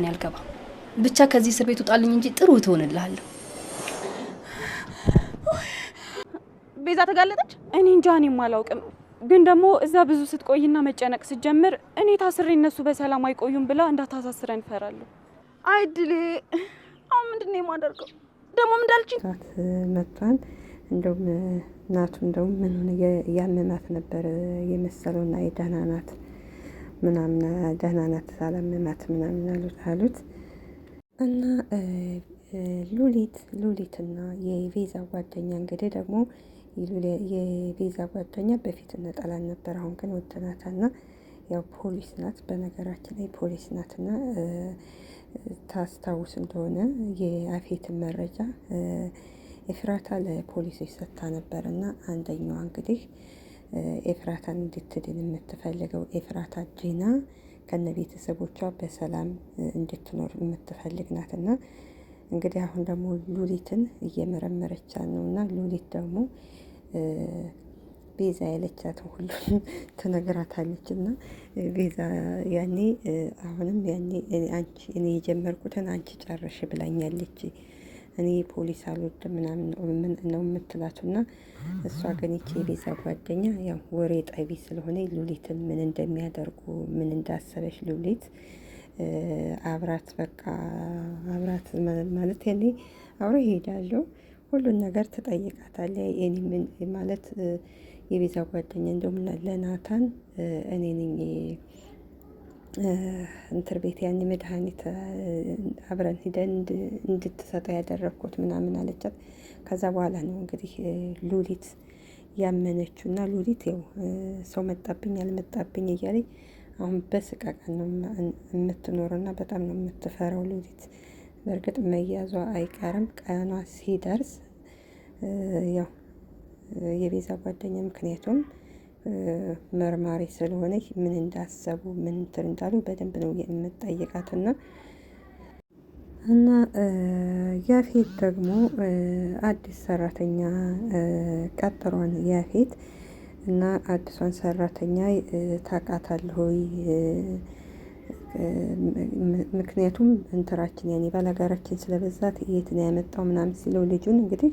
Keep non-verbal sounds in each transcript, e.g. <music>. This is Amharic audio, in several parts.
እኔ አልገባም። ብቻ ከዚህ እስር ቤት ውጣልኝ እንጂ ጥሩ ትሆንልሃለሁ። ቤዛ ተጋለጠች። እኔ እንጃ፣ እኔም አላውቅም። ግን ደግሞ እዛ ብዙ ስትቆይና መጨነቅ ስትጀምር እኔ ታስሬ እነሱ በሰላም አይቆዩም ብላ እንዳታሳስረን እንፈራለሁ። አይድሌ፣ አሁን ምንድን ነው የማደርገው? ደግሞም እንዳልችኝ መጥቷን እንደውም እናቱ እንደውም ምን ያመማት ነበር የመሰለውና የደህና ናት ምናምን ደህና ናት ምናምን አሉት አሉት እና ሉሊት ሉሊትና የቤዛ ጓደኛ እንግዲህ ደግሞ የቤዛ ጓደኛ በፊት እንጠላን ነበር። አሁን ግን ወደናታና ያው ፖሊስ ናት፣ በነገራችን ላይ ፖሊስ ናትና ታስታውስ እንደሆነ የአፌትን መረጃ የፍራታ ለፖሊሶች ሰጥታ ነበር እና አንደኛዋ እንግዲህ ኤፍራታን እንድትድን የምትፈልገው ኤፍራታ ጂና ከነ ቤተሰቦቿ በሰላም እንድትኖር የምትፈልግ ናትና እንግዲህ አሁን ደግሞ ሉሊትን እየመረመረቻ ነው እና ሉሊት ደግሞ ቤዛ ያለቻት ሁሉም <laughs> ትነግራታለች እና ቤዛ ያኔ አሁንም ያኔ አንቺ እኔ የጀመርኩትን አንቺ ጨረሽ ብላኛለች። እኔ ፖሊስ አልወድ ምናምን ነው የምትላቸው። እና እሷ ግን ይቺ የቤዛ ጓደኛ ያው ወሬ ጠቢ ስለሆነ ሉሊትን ምን እንደሚያደርጉ ምን እንዳሰበች ሉሊት አብራት በቃ አብራት ማለት ያኔ አብሮ ይሄዳለሁ ሁሉን ነገር ትጠይቃታለ እኔ ምን ማለት የቤዛ ጓደኛ እንደውም ለናታን እኔ ነኝ እንትር ቤት ያን መድኃኒት አብረን ሂደን እንድትሰጠው ያደረግኩት ምናምን አለቻት። ከዛ በኋላ ነው እንግዲህ ሉሊት ያመነችው እና ሉሊት ው ሰው መጣብኝ አልመጣብኝ እያለ አሁን በስቃቀን ነው የምትኖረው እና በጣም ነው የምትፈራው ሉሊት። በእርግጥ መያዟ አይቀርም ቀኗ ሲደርስ ያው የቤዛ ጓደኛ ምክንያቱም መርማሪ ስለሆነች ምን እንዳሰቡ ምን እንትን እንዳሉ በደንብ ነው የምጠይቃትና እና ያፌት ደግሞ አዲስ ሰራተኛ ቀጥሯን ያፌት እና አዲሷን ሰራተኛ ታውቃታለህ ምክንያቱም እንትራችን ያኔ ባላጋራችን ስለበዛት የት ነው ያመጣው ምናምን ሲለው ልጁን እንግዲህ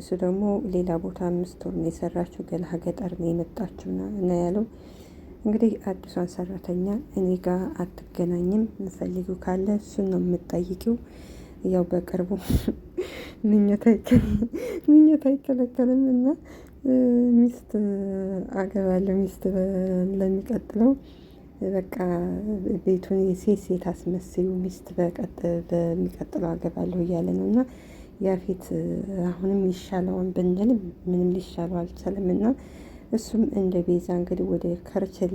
እሱ ደግሞ ሌላ ቦታ አምስት ወር ነው የሰራችው፣ ገና ሀገጠር ነው የመጣችው እና ያለው እንግዲህ አዲሷን ሰራተኛ እኔ ጋር አትገናኝም፣ የምፈልጊው ካለ እሱን ነው የምጠይቂው። ያው በቅርቡ <laughs> ምኞት አይከለከልም <laughs> እና ሚስት አገባለሁ ሚስት ለሚቀጥለው በቃ ቤቱን የሴት ሴት አስመስዩ ሚስት በሚቀጥለው አገባለሁ እያለ ነው እና የፊት አሁንም ይሻለውን ብንል ምንም ሊሻለው አልቻለም እና እሱም እንደ ቤዛ እንግዲህ ወደ ከርቸሌ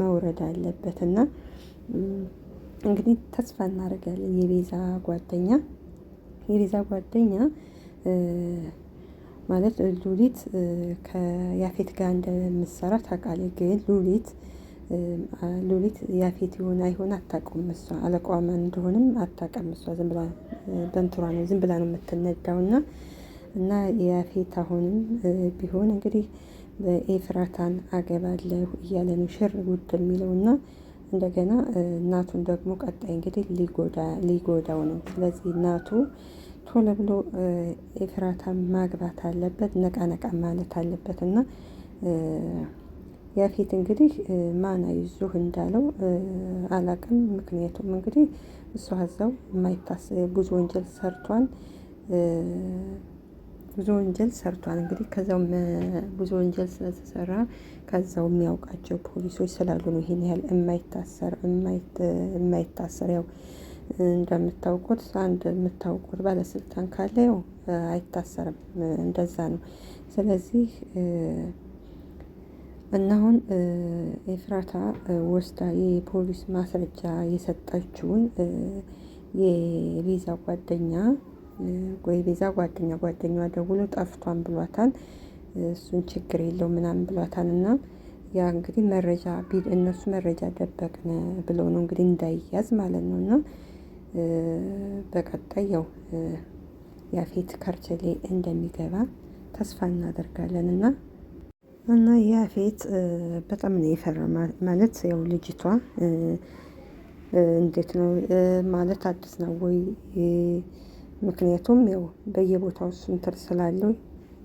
መውረድ አለበት እና እንግዲህ ተስፋ እናደርጋለን። የቤዛ ጓደኛ የቤዛ ጓደኛ ማለት ሉሊት ከያፌት ጋር እንደምሰራ ታውቃለች። ግን ሉሊት ሉሊት ያፌት የሆነ አይሆን አታውቅም። እሷ አለቃዋ ማን እንደሆንም አታውቅም። እሷ ዝም ብላ በንትሯ ነው ዝም ብላ ነው የምትነዳው። እና እና ያፌት አሁንም ቢሆን እንግዲህ በኤፍራታን አገባለሁ እያለ ነው ሽር ውድ የሚለው እና እንደገና እናቱን ደግሞ ቀጣይ እንግዲህ ሊጎዳው ነው። ስለዚህ እናቱ ቶሎ ብሎ ኤፍራታን ማግባት አለበት፣ ነቃ ነቃ ማለት አለበት እና ያፌት እንግዲህ ማን አይዞህ እንዳለው አላቅም። ምክንያቱም እንግዲህ እሱ ሀዛው የማይታስ ብዙ ወንጀል ሰርቷል፣ ብዙ ወንጀል ሰርቷል። እንግዲህ ከዛው ብዙ ወንጀል ስለተሰራ ከዛው የሚያውቃቸው ፖሊሶች ስላሉ ነው ይሄን ያህል የማይታሰር የማይታሰር ያው እንደምታውቁት አንድ የምታውቁት ባለስልጣን ካለ ያው አይታሰርም፣ እንደዛ ነው። ስለዚህ እና አሁን ኤፍራታ ወስዳ የፖሊስ ማስረጃ የሰጠችውን የቤዛ ጓደኛ ወይ ቤዛ ጓደኛ ጓደኛዋ ደውሎ ጠፍቷን ብሏታል። እሱን ችግር የለው ምናምን ብሏታል። እና ያ እንግዲህ መረጃ እነሱ መረጃ ደበቅን ብለው ነው እንግዲህ እንዳይያዝ ማለት ነው። እና በቀጣይ ያው ያፌት ካርቸሌ እንደሚገባ ተስፋ እናደርጋለን እና እና ያፌት በጣም ነው የፈራ ማለት ያው ልጅቷ እንዴት ነው ማለት አዲስ ነው ወይ? ምክንያቱም ያው በየቦታው ስንትር ስላለው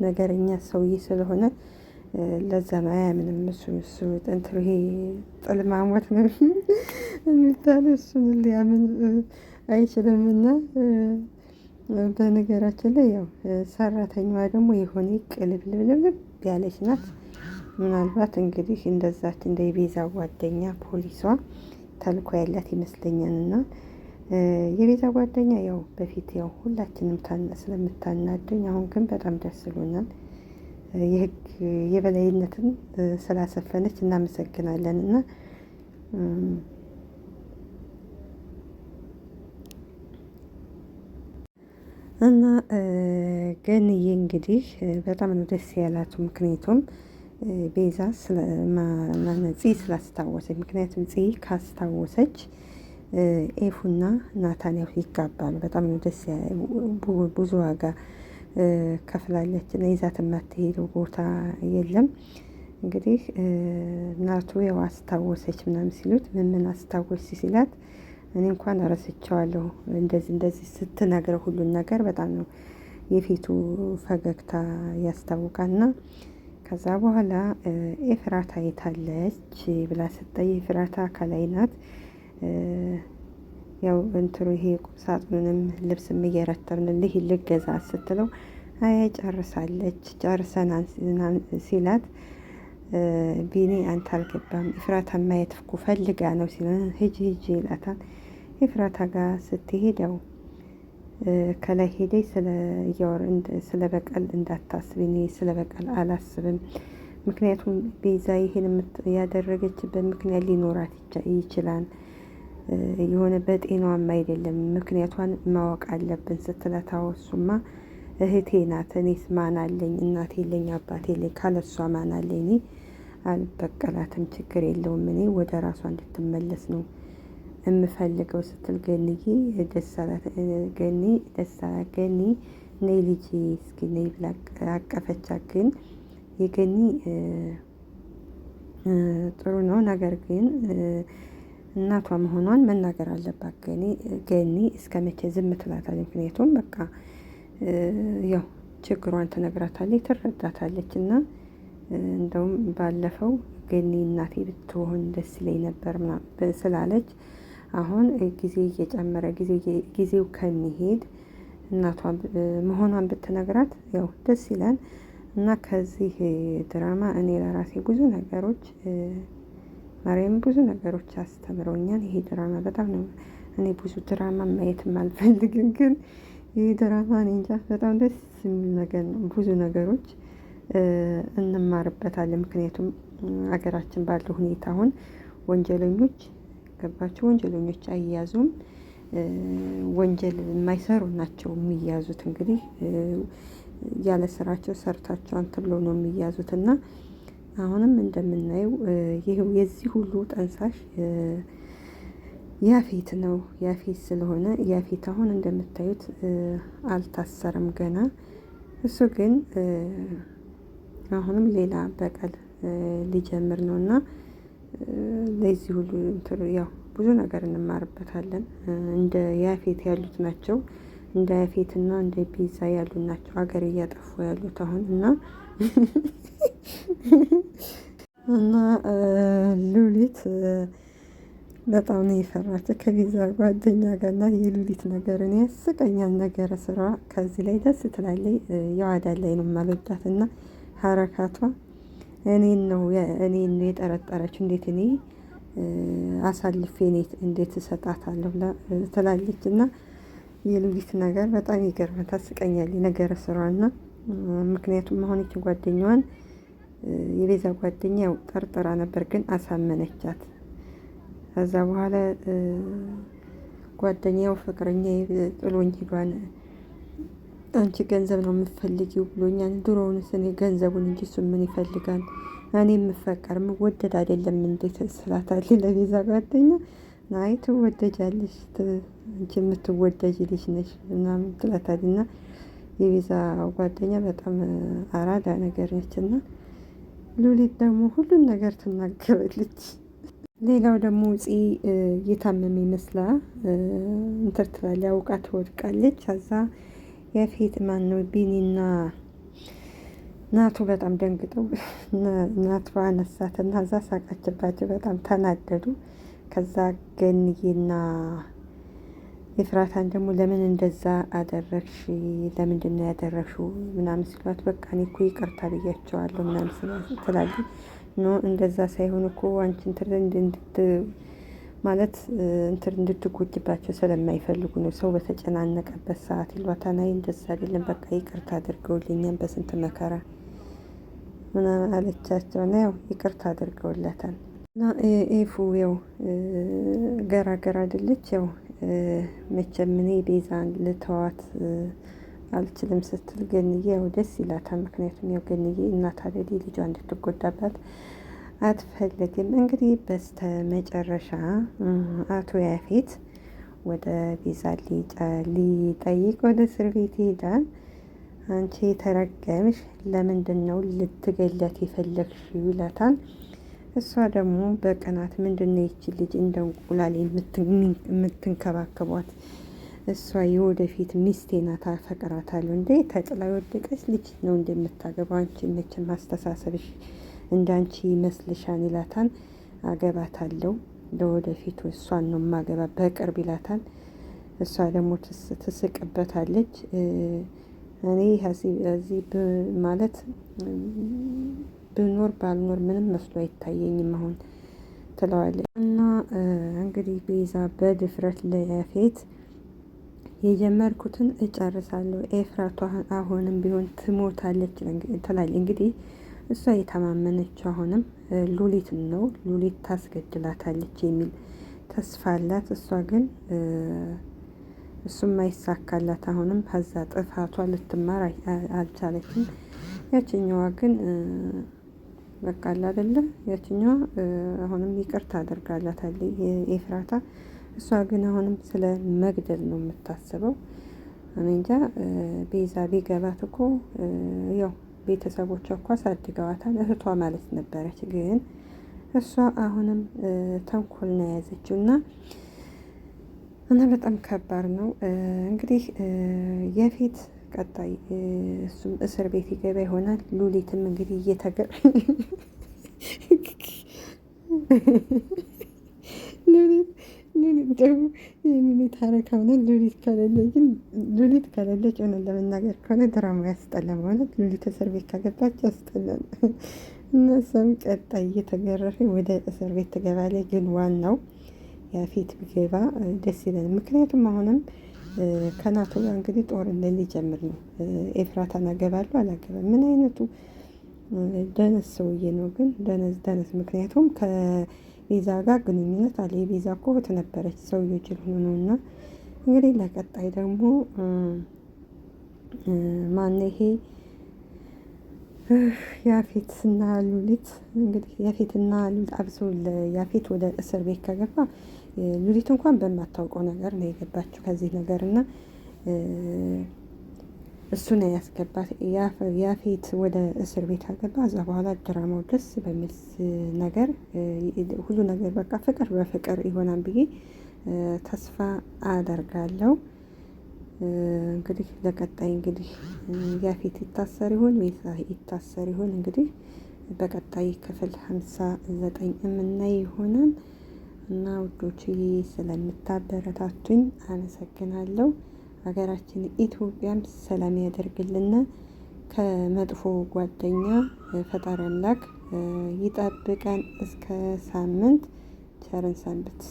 ነገረኛ ሰውዬ ስለሆነ ለዛ ነው አያምንም። እሱ እሱ ጥንትር ይሄ ጥልማሞት ነው <laughs> የሚባለው እሱን ሊያምን አይችልም። እና በነገራችን ላይ ያው ሰራተኛዋ ደግሞ የሆነ ቅልብልብልብ ያለች ናት። ምናልባት እንግዲህ እንደዛች እንደ የቤዛ ጓደኛ ፖሊሷ ተልኮ ያላት ይመስለኛል። እና የቤዛ ጓደኛ ያው በፊት ያው ሁላችንም ስለምታናደኝ፣ አሁን ግን በጣም ደስ ብሎናል። የህግ የበላይነትን ስላሰፈነች እናመሰግናለን እና እና ገንዬ እንግዲህ በጣም ነው ደስ ያላቱ ምክንያቱም ቤዛ ጽ ስላስታወሰች ምክንያቱም ፂ ካስታወሰች ኤፉና ናታን ያው ይጋባሉ። በጣም ነው ደስ ብዙ ዋጋ ከፍላለች እና ይዛት የማትሄደው ቦታ የለም። እንግዲህ እናቱ ያው አስታወሰች ምናምን ሲሉት ምን ምን ሲላት እኔ እንኳን ረስቸዋለሁ እንደዚህ እንደዚህ ስትነግረው ሁሉን ነገር በጣም ነው የፊቱ ፈገግታ ያስታውቃልና ከዛ በኋላ ኤፍራታ የታለች ብላ ስጠይ ኤፍራታ ከላይ ናት። ያው እንትሩ ይሄ ቁምሳጥኑንም ልብስም እየረተብንልህ ልገዛ ስትለው አያ ጨርሳለች ጨርሰናን ሲላት ቢኒ አንተ አልገባም ኤፍራታ ማየት እኮ ፈልጋ ነው ሲለ ሂጂ ሂጂ ይላታል። ኤፍራታ ጋር ስትሄድ ያው ከላይ ሄደይ ስለ በቀል እንዳታስብ፣ እኔ ስለ በቀል አላስብም። ምክንያቱም ቤዛ ይሄን ያደረገችበት ምክንያት ሊኖራት ይችላል። የሆነ በጤናዋም አይደለም፣ ምክንያቷን ማወቅ አለብን ስትላት፣ እሱማ እህቴ ናት። እኔስ ማን አለኝ? እናት የለኝ፣ አባት የለኝ። ካለሷ ማን አለኝ? እኔ አልበቀላትም፣ ችግር የለውም። እኔ ወደ ራሷ እንድትመለስ ነው የምፈልገው ስትል ገኒዬ ገኒ ደስታ ገኒ ነይ እስኪ ነይ ብላ አቀፈቻ። ግን የገኒ ጥሩ ነው፣ ነገር ግን እናቷ መሆኗን መናገር አለባት። ገኒ ገኒ እስከ መቼ ዝም ትላታለች? ምክንያቱም በቃ ያው ችግሯን ትነግራታለች፣ ትረዳታለች። እና እንደውም ባለፈው ገኒ እናቴ ብትሆን ደስ ይለኝ ነበር ስላለች አሁን ጊዜ እየጨመረ ጊዜው ከሚሄድ እናቷ መሆኗን ብትነግራት ያው ደስ ይላል እና ከዚህ ድራማ እኔ ለራሴ ብዙ ነገሮች ማርያም ብዙ ነገሮች አስተምረውኛል። ይሄ ድራማ በጣም ነው። እኔ ብዙ ድራማ ማየት አልፈልግም፣ ግን ይህ ድራማ እኔ እንጃ በጣም ደስ የሚል ነገር ነው። ብዙ ነገሮች እንማርበታለን። ምክንያቱም አገራችን ባለው ሁኔታ አሁን ወንጀለኞች ያልገባቸው ወንጀለኞች አይያዙም። ወንጀል የማይሰሩ ናቸው የሚያዙት። እንግዲህ ያለ ስራቸው ሰርታቸው አንተ ብለው ነው የሚያዙት እና አሁንም እንደምናየው ይሄው የዚህ ሁሉ ጠንሳሽ ያፌት ነው። ያፌት ስለሆነ ያፌት አሁን እንደምታዩት አልታሰረም ገና። እሱ ግን አሁንም ሌላ በቀል ሊጀምር ነው እና ለዚህ ሁሉ ያው ብዙ ነገር እንማርበታለን። እንደ ያፌት ያሉት ናቸው እንደ ያፌት እና እንደ ቤዛ ያሉ ናቸው ሀገር እያጠፉ ያሉት አሁን እና እና ሉሊት በጣም ነው የፈራቸው ከቤዛ ጓደኛ ጋርና የሉሊት ነገር እኔ ያስቀኛል። ነገረ ስራ ከዚህ ላይ ደስ ትላለች። የዋዳ ላይ ነው የማልወዳት እና ሀረካቷ እኔን ነው እኔን ነው የጠረጠረችው። እንዴት እኔ አሳልፌ እንዴት እሰጣታለሁ ትላለች። እና የሉሊት ነገር በጣም ይገርማል፣ ታስቀኛል። ነገረ ና ምክንያቱም አሁን ይቺ ጓደኛዋን የቤዛ ጓደኛ ያው ጠርጥራ ነበር፣ ግን አሳመነቻት። ከዛ በኋላ ጓደኛው ፍቅረኛ ጥሎኝ ሂዷን አንቺ ገንዘብ ነው የምትፈልጊው ብሎኛል። ድሮውን እኔ ገንዘቡን እንጂ እሱ ምን ይፈልጋል? እኔ የምፈቀር ምወደድ አይደለም እንዴት ስላታል ለቤዛ ጓደኛ ናይ ትወደጃለሽ፣ አንቺ የምትወደጅ ልጅ ነሽ ምናምን ትላታል እና የቤዛ ጓደኛ በጣም አራዳ ነገር ነች እና ሉሊት ደግሞ ሁሉን ነገር ትናገራለች። ሌላው ደግሞ ውጪ እየታመመ ይመስላ እንትርትላል ያውቃት ትወድቃለች አዛ የፊት ማን ነው ቢኒና ናቱ በጣም ደንግጠው ናቱ አነሳትና እዛ ሳቃችባቸው። በጣም ተናደዱ። ከዛ ገንዬና የፍራታን ደግሞ ለምን እንደዛ አደረግሽ? ለምንድን ነው ያደረግሽው? ምናምን ስሏት በቃ እኔ እኮ ይቅርታ ብያቸዋለሁ ምናምን ትላለች። ኖ እንደዛ ሳይሆን እኮ አንቺን ትልን ማለት እንትን እንድትጎጅባቸው ስለማይፈልጉ ነው። ሰው በተጨናነቀበት ሰዓት ይሏታ አይ እንደዛ አይደለም በቃ ይቅርታ አድርገውልኛል በስንት መከራ ምናምን አለቻቸው። ና ያው ይቅርታ አድርገውላታል። እና ኤፉ ያው ገራገር አይደለች። ያው መቼም እኔ ቤዛን ልተዋት አልችልም ስትል ገንዬ ያው ደስ ይላታል። ምክንያቱም ያው ገንዬ እናት አደሌ ልጇ እንድትጎዳባት አትፈልግም። እንግዲህ በስተ መጨረሻ አቶ ያፌት ወደ ቤዛ ሊጠይቅ ወደ እስር ቤት ይሄዳል። አንቺ የተረገምሽ ለምንድን ነው ልትገለት የፈለግሽ? ይላታል። እሷ ደግሞ በቅናት ምንድን ነው ይቺ ልጅ እንደ እንቁላል የምትንከባከቧት እሷ የወደፊት ሚስቴ ናት፣ አፈቅራታለሁ እንዴ ተጥላ የወደቀች ልጅ ነው እንደምታገባ አንቺ መቼም አስተሳሰብሽ እንዳንቺ ይመስልሻን ይላታል። አገባታለሁ ለወደፊቱ እሷን ነው ማገባ በቅርብ ይላታን። እሷ ደግሞ ትስቅበታለች። እኔ እዚህ ማለት ብኖር ባልኖር ምንም መስሎ አይታየኝም አሁን ትለዋለች። እና እንግዲህ ቤዛ በድፍረት ለያፌት የጀመርኩትን እጨርሳለሁ ኤፍራቷ አሁንም ቢሆን ትሞታለች ትላለች እንግዲህ እሷ እየተማመነችው አሁንም ሉሊት ነው ሉሊት ታስገድላታለች የሚል ተስፋ አላት። እሷ ግን እሱም አይሳካላት አሁንም ከዛ ጥፋቷ ልትማር አልቻለችም። ያችኛዋ ግን በቃል አይደለም ያችኛዋ አሁንም ይቅር አደርጋላታለች ኤፍራታ። እሷ ግን አሁንም ስለ መግደል ነው የምታስበው። እኔ እንጃ ቤዛ ቢገባት እኮ ያው ቤተሰቦቿ እኮ አሳድገዋታል። እህቷ ማለት ነበረች። ግን እሷ አሁንም ተንኮል ነው የያዘችው እና እና በጣም ከባድ ነው እንግዲህ የፊት ቀጣይ እሱም እስር ቤት ይገባ ይሆናል። ሉሊትም እንግዲህ እየተገ <laughs> ሉሊት ሉሊት ደግሞ የሉሊት ሀረግ ሉሊት ከሌለ ግን ሉሊት ከሌለች እውነት ለመናገር ከሆነ ድራማ ያስጠላል። ማለት ሉሊት እስር ቤት ከገባች ያስጠላል። እነሱም ቀጣይ እየተገረፈ ወደ እስር ቤት ትገባለች። ግን ዋናው ያፌት ቢገባ ደስ ይለን። ምክንያቱም አሁንም ከናቶ ጋር እንግዲህ ጦርነት ሊጀምር ነው። ኤፍራታን አገባለሁ አላገባም ምን አይነቱ ደነስ ሰውዬ ነው? ግን ደነስ ደነስ ምክንያቱም ቤዛ ጋር ግንኙነት አለ። የቤዛ እኮ በተነበረች ሰውዬው ጅል ነው። እና እንግዲህ ለቀጣይ ደግሞ ማነ ይሄ ያፌትና ሉሊት እንግዲህ ያፌትና ሉሊት አብሶ ያፌት ወደ እስር ቤት ከገባ ሉሊት እንኳን በማታውቀው ነገር ነው የገባችው ከዚህ ነገር እና እሱን ያስገባት ያፌት ወደ እስር ቤት አገባ እዛ በኋላ ድራማው ደስ በሚል ነገር ሁሉ ነገር በቃ ፍቅር በፍቅር ይሆናል ብዬ ተስፋ አደርጋለሁ። እንግዲህ ለቀጣይ እንግዲህ ያፌት ይታሰር ይሆን ሜሳ ይታሰር ይሆን? እንግዲህ በቀጣይ ክፍል ሀምሳ ዘጠኝ የምናይ ይሆናል እና ውዶች ስለምታበረታቱኝ አመሰግናለሁ። ሀገራችን ኢትዮጵያን ሰላም ያደርግልና ከመጥፎ ጓደኛ ፈጣሪ አምላክ ይጠብቀን። እስከ ሳምንት ቸርን ሰንብት።